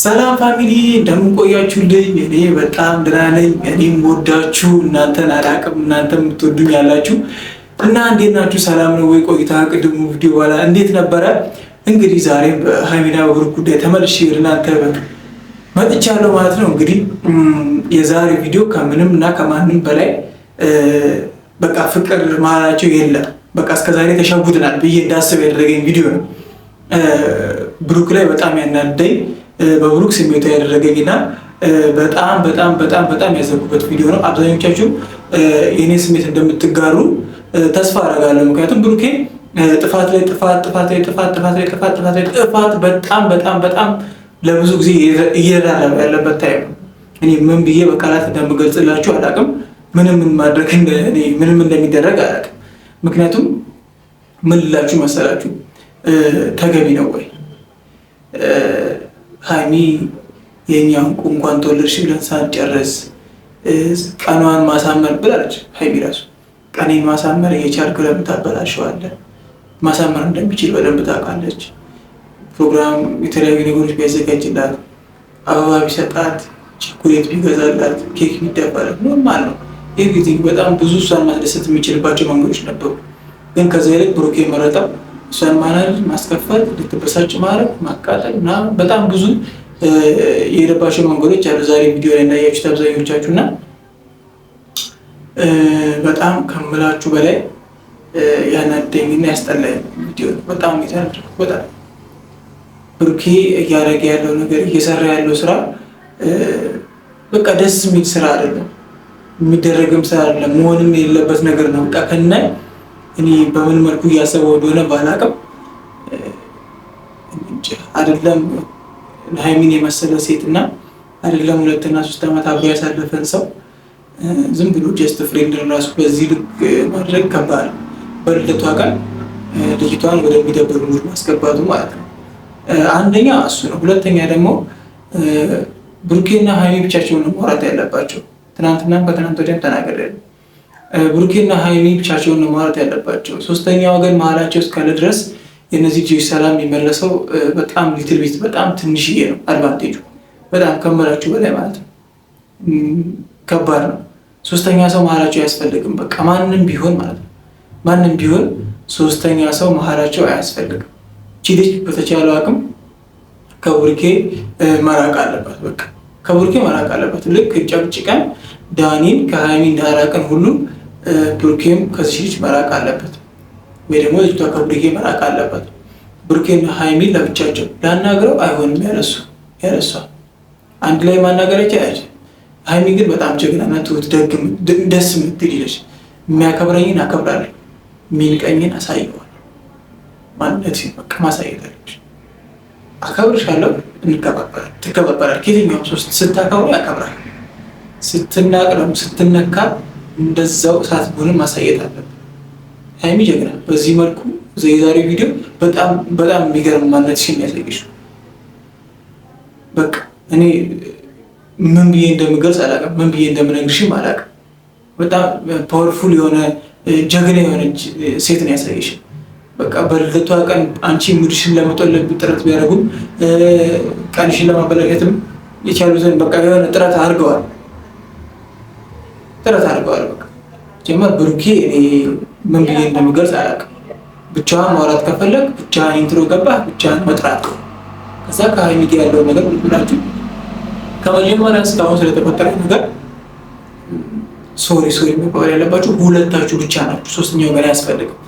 ሰላም ፋሚሊ እንደምንቆያችሁልኝ፣ እኔ በጣም ደህና ነኝ። እኔም ወዳችሁ እናንተን አላቅም፣ እናንተ የምትወዱኝ ያላችሁ እና እንዴት ናችሁ? ሰላም ነው ወይ? ቆይታ ቅድሙ ቪዲዮ በኋላ እንዴት ነበረ? እንግዲህ ዛሬም በሀይሚና ብሩክ ጉዳይ ተመልሼ እናንተ መጥቻለሁ ማለት ነው። እንግዲህ የዛሬ ቪዲዮ ከምንም እና ከማንም በላይ በቃ ፍቅር መሀላቸው የለም በቃ እስከዛሬ ተሸጉድናል ብዬ እንዳስብ ያደረገኝ ቪዲዮ ነው። ብሩክ ላይ በጣም ያናደኝ በብሩክ ስሜቷ ያደረገኝና በጣም በጣም በጣም በጣም ያዘንኩበት ቪዲዮ ነው። አብዛኞቻችሁ የኔ ስሜት እንደምትጋሩ ተስፋ አደርጋለሁ። ምክንያቱም ብሩኬ ጥፋት ላይ ጥፋት ጥፋት ላይ ጥፋት ጥፋት ላይ ጥፋት ጥፋት ላይ ጥፋት በጣም በጣም በጣም ለብዙ ጊዜ እየራረበ ያለበት ታይም እኔ ምን ብዬ በቃላት እንደምገልጽላችሁ አላቅም። ምንም ማድረግ ምንም እንደሚደረግ አላውቅም። ምክንያቱም ምን ልላችሁ መሰላችሁ ተገቢ ነው ወይ ሀይሚ የእኛን እንኳን ተወለድሽ ብለን ሳንጨርስ ቀኗን ማሳመር ብላለች። ሀይሚ ራሱ ቀኔን ማሳመር እየቻልክ ክለብ ታበላሸዋለህ። ማሳመር እንደሚችል በደንብ ታውቃለች። ፕሮግራም የተለያዩ ነገሮች ቢያዘጋጅላት፣ አበባ ቢሰጣት፣ ቸኮሌት ቢገዛላት፣ ኬክ ቢደባለት ኖርማል ነው። ይህ ጊዜ በጣም ብዙ እሷን ማስደሰት የሚችልባቸው መንገዶች ነበሩ፣ ግን ከዛ ይልቅ ብሩኬ መረጠው። እሷን ማናል ማስከፈል፣ ልትበሳጭ ማድረግ፣ ማቃጠል እና በጣም ብዙ የሄደባቸው መንገዶች አሉ። ዛሬ ቪዲዮ ላይ እንዳያችሁት አብዛኞቻችሁ እና በጣም ከምላችሁ በላይ ያናደኝና ያስጠላኝ ቪዲዮ በጣም የተናደድኩ በጣም ብሩኬ እያደረገ ያለው ነገር እየሰራ ያለው ስራ በቃ ደስ የሚል ስራ አይደለም፣ የሚደረግም ስራ አይደለም፣ መሆንም የሌለበት ነገር ነው። በቃ ከናይ እኔ በምን መልኩ እያሰበው እንደሆነ ባላቅም አይደለም ለሃይሚን የመሰለ ሴት እና አይደለም ሁለትና ሶስት ዓመት አብሮ ያሳለፈን ሰው ዝም ብሎ ጀስት ፍሬንድ ራሱ በዚህ ልክ ማድረግ ከባድ በልደቷ ቀን ልጅቷን ወደሚደብር ሙድ ማስገባቱ ማለት ነው። አንደኛ እሱ ነው። ሁለተኛ ደግሞ ብሩኬና ሃይሚ ብቻቸውን ማውራት ያለባቸው ትናንትና ከትናንት ወዲያም ተናገር ብሩኬና ሀይሚ ብቻቸውን ነው ማውራት ያለባቸው። ሶስተኛ ወገን መሀላቸው እስካለ ድረስ የእነዚህ ልጆች ሰላም የሚመለሰው በጣም ሊትል ቤት በጣም ትንሽዬ ነው። አድቫንቴጁ በጣም ከመላችሁ በላይ ማለት ነው። ከባድ ነው። ሶስተኛ ሰው መሀላቸው አያስፈልግም። በቃ ማንም ቢሆን ማለት ነው ማንም ቢሆን ሶስተኛ ሰው መሀላቸው አያስፈልግም። እቺ ልጅ በተቻለው አቅም ከቡርኬ መራቅ አለባት። በቃ ከቡርኬ መራቅ አለባት። ልክ ጨቅጭቀን ዳኒን ከሀይሚ እንዳራቅን ሁሉም ቱርኬም ከዚህ ልጅ መራቅ አለበት ወይ ደግሞ ልጅቷ ከብሩኬ መራቅ አለበት። ብሩኬና ሀይሚን ለብቻቸው ላናግረው አይሆንም። ያለሱ ያለሷ አንድ ላይ ማናገር ይቻላል። ሀይሚ ግን በጣም ጀግናና ትሁት ደስ የምትል ይለች። የሚያከብረኝን አከብራለሁ፣ የሚንቀኝን አሳየዋል። ማንነት በቃ ማሳየታለች። አከብርሻለሁ፣ እንከባበራል፣ ትከባበራል። ከየትኛውም ሶስት ስታከብሩ ያከብራል። ስትናቅ ደግሞ ስትነካ እንደዛው እሳት መሆንን ማሳየት አለብን። ሀይሚ ጀግና። በዚህ መልኩ የዛሬው ቪዲዮ በጣም በጣም የሚገርም ማንነትሽን የሚያሳይሽ በቃ እኔ ምን ብዬ እንደምገልጽ አላውቅም፣ ምን ብዬ እንደምነግርሽም አላውቅም። በጣም ፓወርፉል የሆነ ጀግና የሆነች ሴት ነው ያሳየሽ። በቃ በልደቷ ቀን አንቺ ሙድሽን ለመጠለብ ጥረት ቢያደርጉም ቀንሽን ለማበላሸትም የቻሉትን በቃ የሆነ ጥረት አድርገዋል። ጥረት አድርገዋል። በቃ ጀመር ብሩኬ እኔ ምን ብዬ እንደምገልጽ አላውቅም። ብቻዋን ማውራት ከፈለግ ብቻህን ኢንትሮ ገባ ብቻህን መጥራት ከዛ ከሀይሚ ጋር ያለው ነገር ብላችሁ ከመጀመሪያ እስካሁን ስለተፈጠረ ነገር ሶሪ ሶሪ የሚባል ያለባችሁ ሁለታችሁ ብቻ ናችሁ። ሶስተኛው ገና አያስፈልግም።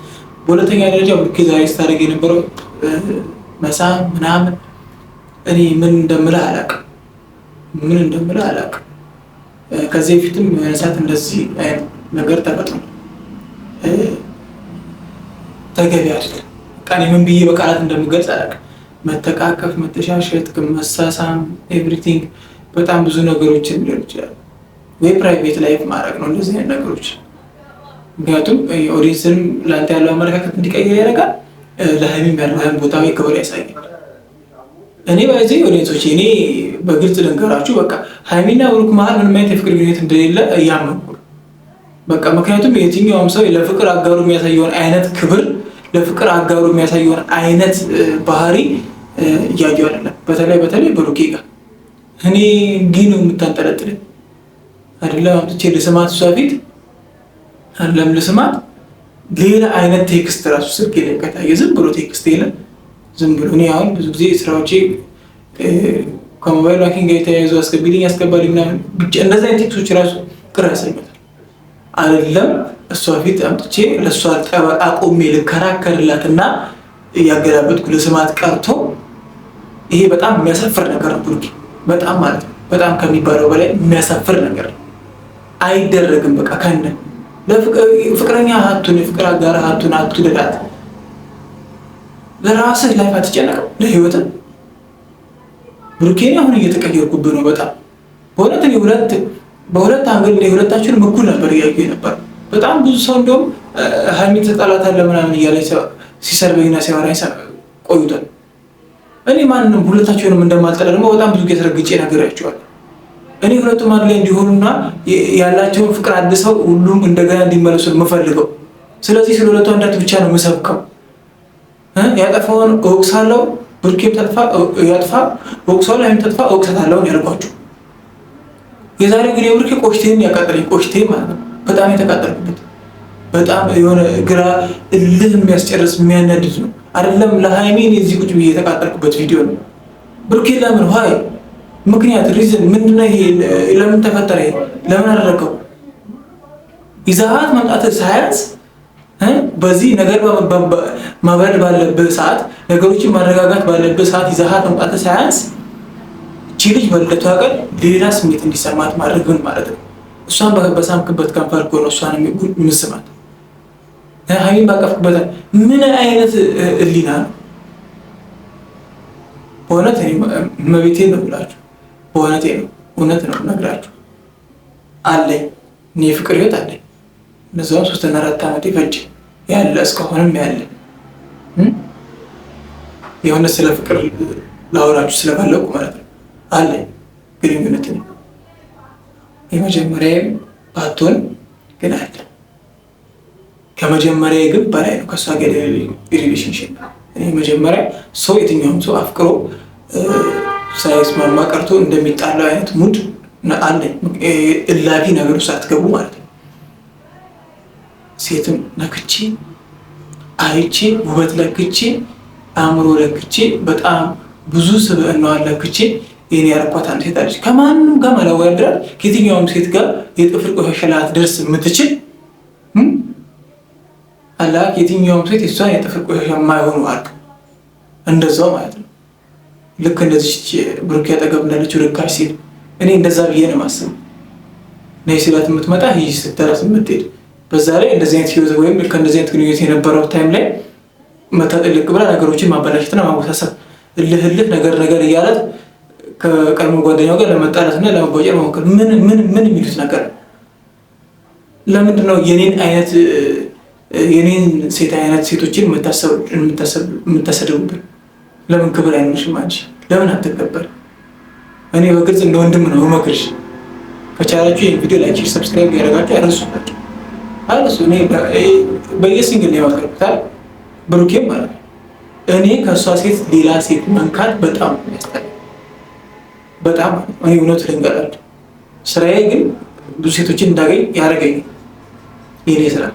በሁለተኛ ደረጃ ብሩኬ ዛሬ ስታደርግ የነበረው መሳም ምናምን እኔ ምን እንደምልህ አላውቅም፣ ምን እንደምልህ አላውቅም። ከዚህ በፊትም የሆነ ሰዓት እንደዚህ ነገር ተፈጥሮ ተገቢ አይደለም። ቃኔ ምን ብዬ በቃላት እንደምገልጽ አላውቅም። መተቃቀፍ፣ መተሻሸት፣ መሳሳም ኤቭሪቲንግ በጣም ብዙ ነገሮችን ሊሆን ይችላል። ወይ ፕራይቬት ላይፍ ማድረግ ነው እንደዚህ አይነት ነገሮች። ምክንያቱም ኦዲየንስንም ለአንተ ያለው አመለካከት እንዲቀይር ያደርጋል። ለሀይሚም ያለህን ቦታ ክብር ያሳያል። እኔ ባይዘ ወደቶች እኔ በግልጽ ልንገራችሁ፣ በቃ ሀይሚና ብሩክ መሀል ምንም አይነት የፍቅር ግንኙነት እንደሌለ እያመንኩ በቃ ምክንያቱም የትኛውም ሰው ለፍቅር አጋሩ የሚያሳየውን አይነት ክብር፣ ለፍቅር አጋሩ የሚያሳየውን አይነት ባህሪ እያየሁ አይደለም። በተለይ በተለይ ብሩኬ ጋር እኔ እንዲህ ነው የምታንጠለጥለኝ አይደለም። አምጥቼ ልስማት እሷ ፊት አይደለም ልስማት ሌላ አይነት ቴክስት ራሱ ስልክ የለቀታ ዝም ብሎ ቴክስት የለም ዝም ብሎ እኔ አሁን ብዙ ጊዜ ስራዎቼ ከሞባይል ባንኪንግ ጋር የተያያዙ አስገቢልኝ አስገባልኝ ምናምን ብቻ እነዚህ አይነት ቴክሶች ራሱ ቅር ያሰኛታል። አይደለም እሷ ፊት አምጥቼ ለእሷ ጠበቃ ቆሜ ልከራከርላትና እያገላበጥኩ ለስማት ቀርቶ ይሄ በጣም የሚያሳፍር ነገር ነው። በጣም ማለት ነው በጣም ከሚባለው በላይ የሚያሳፍር ነገር ነው። አይደረግም። በቃ ከነ ፍቅረኛ ሀቱን የፍቅር አጋራ ሀቱን አቱ ደላት ለራስህ ላይፍ አትጨነቅም? ለህይወትህ ብሩኬን አሁን እየተቀየርኩብህ ነው በጣም በእውነት እኔ ሁለት በሁለት አንገል ላይ ሁለታችንም እኩል ነበር እያዩ ነበር። በጣም ብዙ ሰው እንደውም ሀይሚን ተጣላታለህ ምናምን እያለ ሲሰርበኝና ሲያወራኝ ቆይቷል። እኔ ማንንም ሁለታችሁንም እንደማልጠላ ደግሞ በጣም ብዙ ጊዜ ተረግጬ እኔ ሁለቱም አንድ ላይ እንዲሆኑና ያላቸውን ፍቅር አድሰው ሁሉም እንደገና እንዲመለሱ የምፈልገው። ስለዚህ ስለ ሁለቱ አንዳት ብቻ ነው የምሰብከው። ያጠፋውን እውቅሳ አለው። ብርኬም ተጥፋ ያጥፋ እውቅሳው ላይ ተጥፋ እውቅሰት አለውን ያልኳቸው። የዛሬው ግን የብርኬ ቆሽቴን ያቃጠለኝ ቆሽቴ ማለት ነው። በጣም የተቃጠልኩበት በጣም የሆነ ግራ እልህ የሚያስጨርስ የሚያነድድ ነው። አይደለም ለሃይሜን የዚህ ቁጭ ብዬ የተቃጠልኩበት ቪዲዮ ነው። ብርኬ ለምን ሀይ ምክንያት ሪዝን ምንድነው? ይሄ ለምን ተፈጠረ? ለምን አደረገው? ይዛሀት መምጣት ሳያንስ በዚህ ነገር ማብረድ ባለብህ ሰዓት፣ ነገሮችን ማረጋጋት ባለብህ ሰዓት ይዛሀት መምጣት ሳያንስ እቺ ልጅ በልደቷ ቀን ሌላ ስሜት እንዲሰማት ማድረግን ማለት ነው። እሷን በሳምክበት ከንፈር ከሆነ ነው እሷን የምስማት። ሀይን ባቀፍክበት ምን አይነት እሊና ነው? በእውነት መቤቴ ነው ብላችሁ በእውነቴ ነው እውነት ነው ነግራችሁ አለኝ። እኔ የፍቅር ህይወት አለኝ። እነዚም ሶስትና አራት ዓመት ይፈጅ ያለ እስከሆነም ያለ የሆነ ስለ ፍቅር ላወራችሁ ስለፈለጉ ማለት ነው አለ ግንኙነት ነው። የመጀመሪያ ባትሆን ግን አለ። ከመጀመሪያ ግን በላይ ነው ከእሷ ጋር ሪሌሽንሽፕ መጀመሪያ ሰው የትኛውም ሰው አፍቅሮ ሳይስማማ ቀርቶ እንደሚጣለው አይነት ሙድ አለ። እላፊ ነገሮች ሳትገቡ ማለት ነው። ሴትም ነክቼ አይቼ ውበት ለክቼ አእምሮ ለክቼ በጣም ብዙ ስብዕናዋን ለክቼ ይህን ያረኳት አንድ ሴት አለች። ከማንም ጋር መለወያድራል ከየትኛውም ሴት ጋር የጥፍር ቆሻሻ ላትደርስ የምትችል አላ የትኛውም ሴት የሷን የጥፍር ቆሻሻ የማይሆኑ አርግ እንደዛው ማለት ነው። ልክ እንደዚች ብሩኬ ያጠገብ እንዳለችው ርካሽ ሴት እኔ እንደዛ ብዬ ነው ማስብ ነይ ስላት የምትመጣ ይህ ስትደረስ የምትሄድ በዛ ላይ እንደዚህ አይነት ህይወት ወይም ከእንደዚህ አይነት ግንኙነት የነበረው ታይም ላይ መታጠልቅ ብላ ነገሮችን ማበላሸትና ማወሳሰብ እልህ እልህ ነገር ነገር እያለት ከቀድሞ ጓደኛው ጋር ለመጣላትና ለመጓጨ መሞከር ምን ምን ምን የሚሉት ነገር ለምንድን ነው? የኔን አይነት የኔን ሴት አይነት ሴቶችን የምታሰድቡብን ለምን ክብር አይኖርሽም? አንቺ ለምን አትከበር? እኔ በግልጽ እንደ ወንድም ነው መክርሽ። ከቻላችሁ ይህን ቪዲዮ ላይክ፣ ሰብስክራይብ ያደረጋችሁ ናቸው። አለሱ እኔ በየሲንግል ነው ያወጣሁታል ብሩኬም ማለት ነው። እኔ ከእሷ ሴት ሌላ ሴት መንካት በጣም በጣም እኔ እውነት ልንገራለሁ። ስራዬ ግን ብዙ ሴቶችን እንዳገኝ ያደረገኝ የኔ ስራ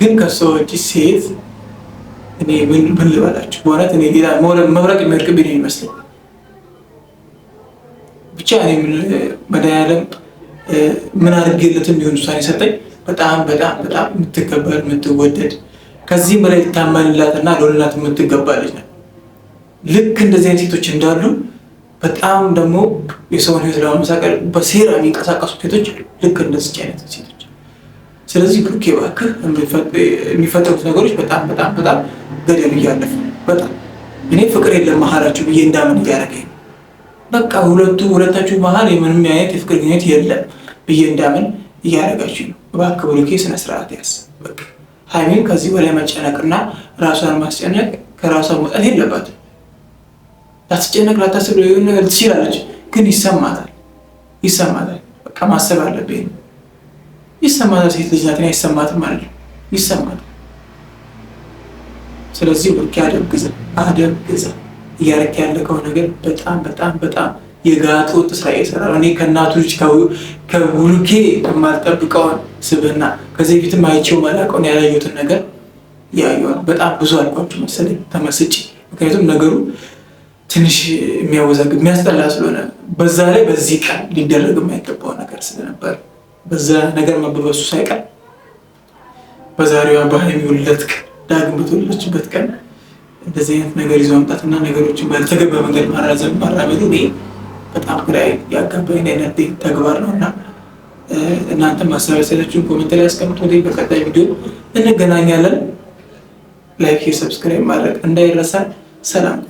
ግን ከሰዎች ሴት እኔ ምን ልበላችሁ? በእውነት እኔ ሌላ መብረቅ የሚወድቅብኝ ይመስለኝ ብቻ እኔ መድኃኒዓለም ምን አድርጌለት እንዲሆን ውሳኔ ሰጠኝ። በጣም በጣም በጣም የምትከበር የምትወደድ ከዚህም በላይ ልታመንላትና ለሆንላት የምትገባ ልጅ ነው። ልክ እንደዚህ አይነት ሴቶች እንዳሉ በጣም ደግሞ የሰውን ህይወት ለማመሳቀል በሴራ የሚንቀሳቀሱ ሴቶች ልክ እንደዚች አይነት ሴቶች። ስለዚህ ብሩኬ እባክህ የሚፈጠሩት ነገሮች በጣም በጣም በጣም ገደብ እያለፉ በጣም እኔ ፍቅር የለም መሀላችሁ ብዬ እንዳምን እያደረገኝ በቃ ሁለቱ ሁለታችሁ መሀል የምንም አይነት የፍቅር ግንኙነት የለም። ብዬ እንዳምን እያደረጋችኝ ነው። እባክህ ብሩኬ ስነስርዓት ያስ በቃ ሀይሚን ከዚህ በላይ መጨነቅና ራሷን ማስጨነቅ ከራሷ መውጣት የለባትም። ላትጨነቅ ላታስብ ሊሆን ነገር ትችላለች፣ ግን ይሰማታል ይሰማታል። በቃ ማሰብ አለብኝ ይሰማታል። ሴት ልጅ ናት አይሰማትም ማለት ነው፣ ይሰማታል። ስለዚህ ብሩኬ አደብ ግዛ፣ አደብ ግዛ። እያረክ ያለከው ነገር በጣም በጣም በጣም የጋጥ ወጥ ስራ ይሰራል። እኔ ከእናቱ ልጅ ከቡልኬ የማልጠብቀውን ስብና ከዚህ በፊትም አይቼው ማላውቀውን ያላየሁትን ነገር ያየዋል። በጣም ብዙ አልኳቸው መሰለኝ ተመስጬ። ምክንያቱም ነገሩ ትንሽ የሚያወዛግብ የሚያስጠላ ስለሆነ በዛ ላይ በዚህ ቀን ሊደረግ የማይገባው ነገር ስለነበር በዛ ነገር መበበሱ ሳይቀር በዛሬዋ በሀይሚ ውለት ቀን ዳግም በተወለደችበት ቀን እንደዚህ አይነት ነገር ይዞ መምጣትና ነገሮችን ባልተገባ መንገድ ማራዘም ማራመዱ በጣም ግራ ያጋባኝ አይነት ተግባር ነው እና እናንተ ማሳቢያ ሰለችን ኮሜንት ላይ ያስቀምጡ። ወደ በቀጣይ ቪዲዮ እንገናኛለን። ላይክ፣ ሰብስክራይብ ማድረግ እንዳይረሳል። ሰላም